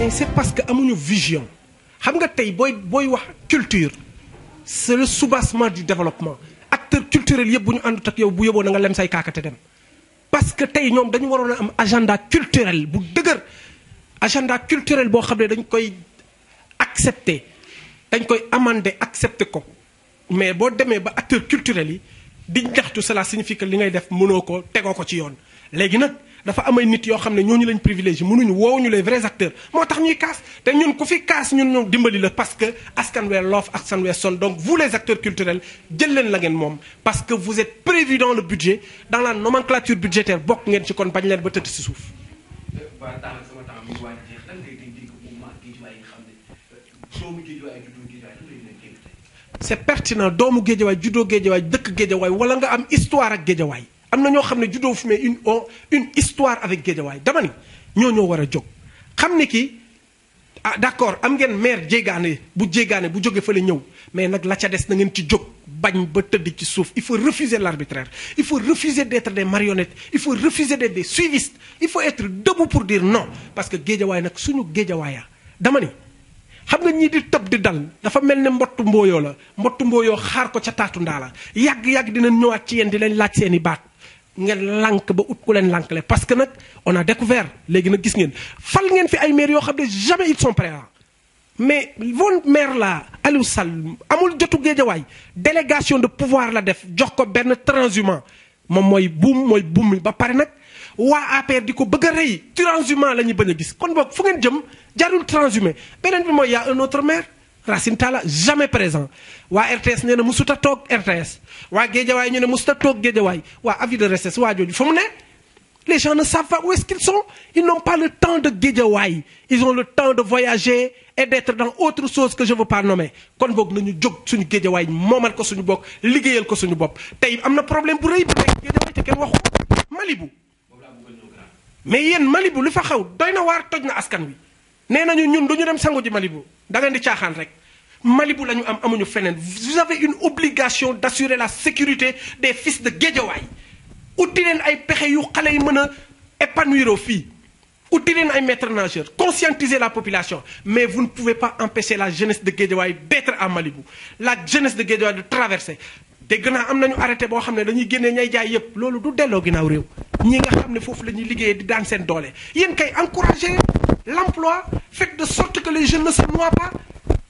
mais c'est parce que une vision xam nga tey boy booy wax culture c'est le soubassement du développement acteur culturel yëpp bu ñu àndut ak yow bu yóbboo na nga lem say kaakate dem parce que tay ñom dañu waroon a am agenda culturel bu dëgër agenda culturel bo xamné dañ koy accepter dañ koy amender accepter ko mais bo démé ba acteur culturel yi di ñaxtu cela signifie que li ngay def mëno ko tegoo ko ci yoon légui nak dafa amay nit yoo xam ne ñooñu lañ privilégié mënuñu woowuñu les vrais acteurs moo tax ñuy kaas te ñun ku fi kaas ñun ñu dimbali la parce que askan wee loof ak san wee son donc vous les acteurs culturels jël leen la ngeen moom parce que vous êtes prévu dans le budget dans la nomenclature budgétaire bokk ngeen ci kon bañ leen ba tëdd si suuf c'est pertinent doomu géejawaay juddoo géejawaay dëkk géejawaay wala nga am histoire ak géejawaay amna ñoo xam ne juddoo une une histoire avec Guédiawaay dama ni ñoo ñoo wara a jóg ki ah d'accord am ngeen maire djégané bu djégané bu joggé feulé ñew mais nak la ca dess na ngeen ci jog bagn ba teud ci souf il faut refuser l'arbitraire il faut refuser d'être des marionnettes il faut refuser d'être des suivistes il faut être debout pour dire non parce que Guédiawaay nak suñu Guédiawaaya dama ni xam nga ñi di top di dal dafa melni ne mbottu mbooyoo la mbottu mboyo xaar ko ca taatu ndala yag yag yàgg dinañ ñëwaat ci yeen di leen laaj seeni baat ngeen lank ba ut ku leen lànkale parce que nag on a découvert léegi nag gis ngeen fal ngeen fi ay maires yoo xam ne jamais ils sont prêts hein. mais vos maire la Aliou Sall amul jotu géejawaay délégation de pouvoir la def jox ko benn transhumant moom mooy buum mooy buum ba pare nag waa APR di ko bëgg a rëy transhumant la ñuy bañ a gis kon boog fu ngeen jëm jarul transhumé beneen bi mooy y a un autre maire Racine tala jamais présent wa RTS nee na musuta tok RTS wa Géejawaay ñu ne musuta toog Géejawaay wa avis de recherche wa jooju fa mu ne les gens ne savent pas où est-ce qu'ils sont ils n'ont pas le temps de Guédiawaye ils ont le temps de voyager et d'être dans autre chose que je veux pas nommer kon bok nañu jog suñu Guédiawaye momal ko suñu bok ligéyal ko suñu bop tey amna problème bu reuy bu nekk Guédiawaye te kenn waxu Malibu mais yeen Malibu lu fa xaw doyna na waar na askan wi nee nañu ñun duñu dem sangu ji Malibu da nga di caaxaan rek Malibu vous avez une obligation d'assurer la sécurité des fils de Guédiawaye Vous leen ay pexe yu xale épanouir fii filles. leen ay maîtres nageurs conscientiser la population mais vous ne pouvez pas empêcher la jeunesse de Guédiawaye d'être à Malibu la jeunesse de Guédiawaye de traverser Des gens am nañu arrêté pour xam ne dañuy génnee ñay jaay yépp loolu du delloo ginnaaw réew ñi nga xam ne foofu de ñuy liggéeyee di daan seen kay encourager l'emploi. faites de sorte que les jeunes ne se noient pas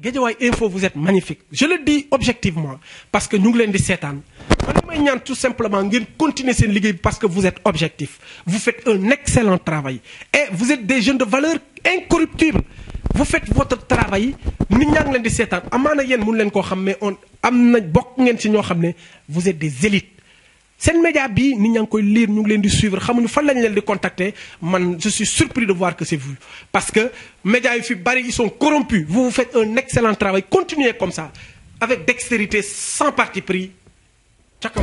Guédiawaye Info vous êtes magnifique je le dis objectivement parce que nous ngi leen di seetaan man li tout simplement continuer cette ligue parce que vous êtes objectif vous faites un excellent travail et vous êtes des jeunes de valeur incorruptible vous faites votre travail nous sommes ngi leen di on bokk ngeen vous êtes des élites le média bii nous avons lire nous ngi suivre nous faisons contacter je suis surpris de voir que c'est vous parce que média médias ils sont corrompus vous vous faites un excellent travail continuez comme ça avec dextérité sans parti pris Ciao,